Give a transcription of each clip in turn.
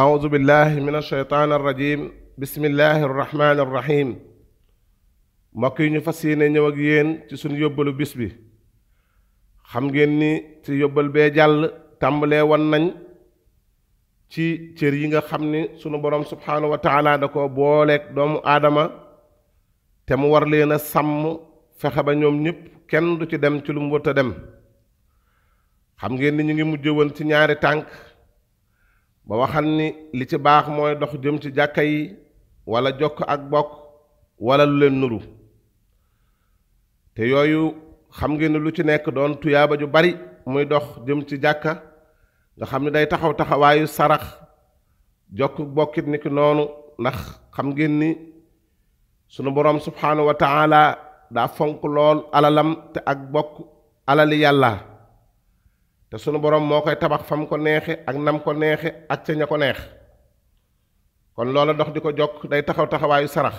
أعوذ بالله من الشيطان الرجيم بسم mbokk yi ñu fas yéene ñëw ak yéen ci suñu yóbbalu bis bi xam ngeen ni ci yóbbal bee jàll tàmbalee won nañ ci cër yi nga xam ni sunu boroom subhaanahu wa taala ko booleeg doomu aadama te mu war leen a sàmm fexe ba ñoom ñëpp kenn du ci dem ci lu mu dem xam ngeen ni ñu ngi mujj woon ci ñaari tànk ba waxal ni li ci baax mooy dox jëm ci jàkka yi wala jokk ak bokk wala lu leen nuru te yooyu xam ngeen ni lu ci nekk doon tuyaaba ju bari muy dox jëm ci jàkka nga xam ni day taxaw taxawaayu sarax jokk bokkit ni ki noonu ndax xam ngeen ni sunu boroom subhaanahu wa taala daa fonk lool alalam te ak bokk alali yàlla te sunu borom moo koy tabax fam ko neexe ak nam ko neexe ak ca ko neex kon loola dox di ko jokk day taxaw taxawaayu sarax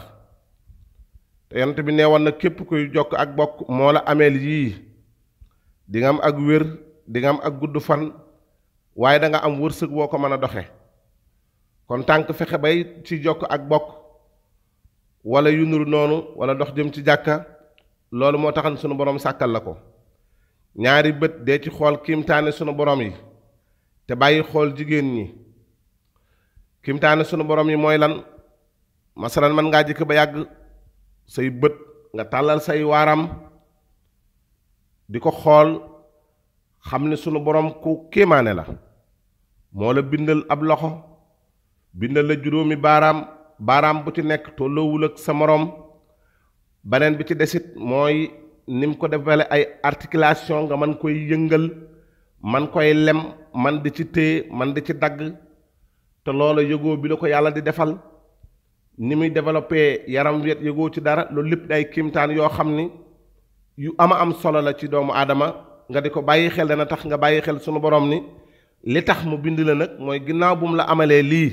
te yonent bi neewoon na képp kuy jokk ak bokk moo la ameel yii di am ak wér di am ak gudd fan waaye danga am wërsëg woo ko mën a doxe kon tànk fexe bay ci jokk ak bokk wala yu nuru noonu wala dox jëm ci jàkka loolu moo taxan sunu borom sàkkal la ko ñaari bët dee ci xool kiimtaane sunu borom yi te bàyyi xool jigéen ñi kiimtaane sunu borom yi mooy lan masalan man ngaa jëkk ba yàgg say bët nga tàllal say waaram di ko xool xam ne sunu borom ku kéemaane la moo la bindal ab loxo bindal la juróomi baaraam baaraam bu ci nekk tolloowul ak sa moroom beneen bi ci desit mooy ni mu ko defale ay articulation nga man koy yëngal man koy lem man di ci téye man di ci dagg te loola yëgoo bi la ko yàlla di defal ni muy développé yaram wet yëgoo ci dara loolu lépp day kiimtaan yoo xam ni yu ama am solo la ci doomu aadama nga di ko bàyyi xel dana tax nga bàyyi xel sunu borom ni li tax mu bind la nag mooy ginnaaw bu mu la amalee lii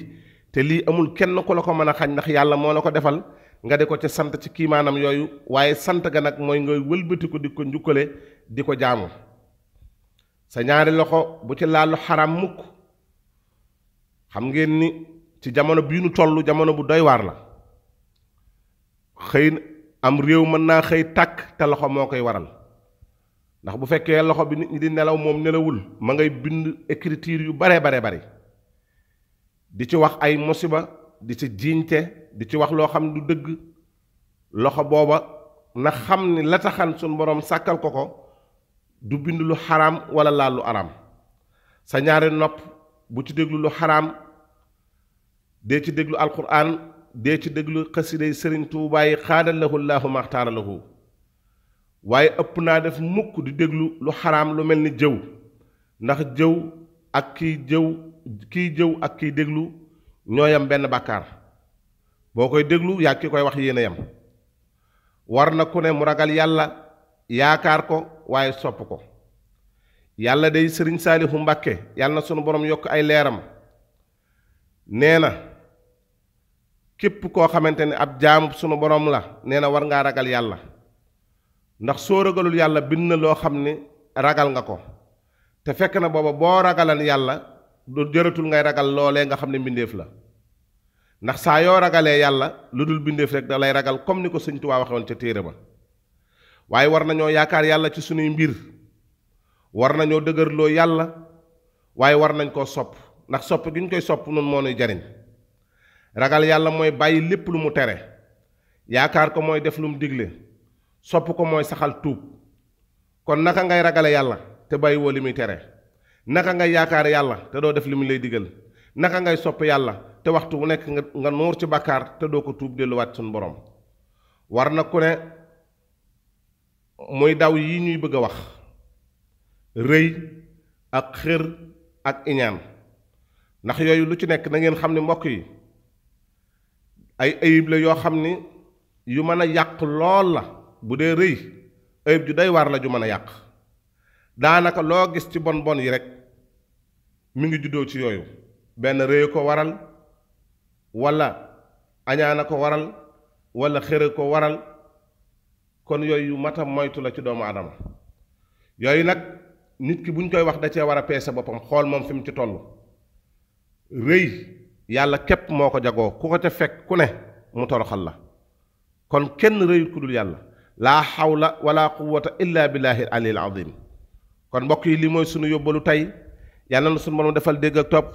te lii amul kenn ku la ko mën a xañ ndax yàlla moo la ko defal nga di ko ci sant ci kiimaanam yooyu waaye sant ga nag mooy nga wëlbati ko di ko njukkale di ko jaamu sa ñaari loxo bu ci laalu xaram mukk xam ngeen ni ci jamono bii nu toll jamono bu doy waar la xëy am réew mën naa xëy tàkk te loxo moo koy waral ndax bu fekkee loxo bi nit ñi di nelaw moom nelawul ma ngay bind écriture yu bare bare bari di ci wax ay mosiba di ci jiñte di ci wax loo xam du dëgg loxo booba na xam ni lataxan sun suñ boroom sàkkal ko ko du bind lu xaraam wala laal lu araam sa ñaari nopp bu ci déglu lu xaraam dee ci déglu alquran dee ci déglu xasiday sëriñ tuubaa yi xaadal lahu laahu maxtaara lahu waaye ëpp naa def mukk di déglu lu xaraam lu mel ni jëw ndax jëw ak kiy jëw kiy jëw ak kiy déglu ñoo yam benn bàkkaar boo koy déglu yaa ki koy wax yéen a yam war na ku ne mu ragal yàlla yaakaar ko waaye sopp ko yàlla day sëriñ saalihu mbàkke yàlla na sunu borom yokk ay leeram nee na képp koo xamante ne ab jaamu sunu borom la nee na war ngaa ragal yàlla ndax soo ragalul yàlla bind na loo xam ne ragal nga ko te fekk na booba boo ragalan yàlla du jëratul ngay ragal loolee nga xam ne mbindeef la ndax saa yoo ragalee yàlla lu dul bindeef rek da lay ragal comme ni ko sëñ waa waxee woon ca téere ba waaye war nañoo yaakaar yàlla ci sunuy mbir war nañoo dëgërloo yàlla waaye war nañ koo sopp ndax sopp gi ñu koy sopp noonu moo nuy jariñ ragal yàlla mooy bàyyi lépp lu mu tere yaakaar ko mooy def lu mu digle sopp ko mooy saxal tuub kon naka ngay ragale yàlla te bàyyiwoo li muy tere naka ngay yaakaar yàlla te doo def li mu lay digal naka ngay sopp yàlla te waxtu wu nekk nga nga nuur ci bàkkaar te doo ko tuub delluwaat sunu borom war na ku ne muy daw yi ñuy bëgg a wax rëy ak xér ak iñaan ndax yooyu lu ci nekk na ngeen xam ne mbokk yi ay ayib la yoo xam ni yu mën a yàq lool la bu dee rëy ayib ju doy waar la ju mën a yàq daanaka loo gis ci bon bon yi rek mu ngi juddoo ci yooyu benn réy ko waral walla añaana ko waral walla xëre ko waral kon yooyu matam moytu la ci doomu adama yooyu nag nit ki buñ koy wax da cee war a peese boppam xool moom fi mu ci toll rëy yàlla képp moo ko jagoo ku ko ca fekk ku ne mu toroxal la kon kenn rëyut ku yàlla laa xaw la wala quwata illa billahi alil azim kon mbokk yi li mooy sunu yóbbalu tey yàlla na sunu borom defal dégg ak topp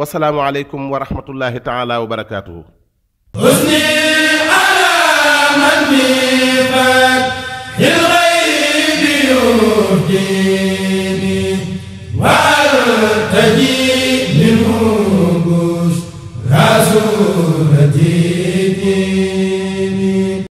wasalaamu aleykum wa rahmatullahi taala wa barakaatuhu husni ala man bi fat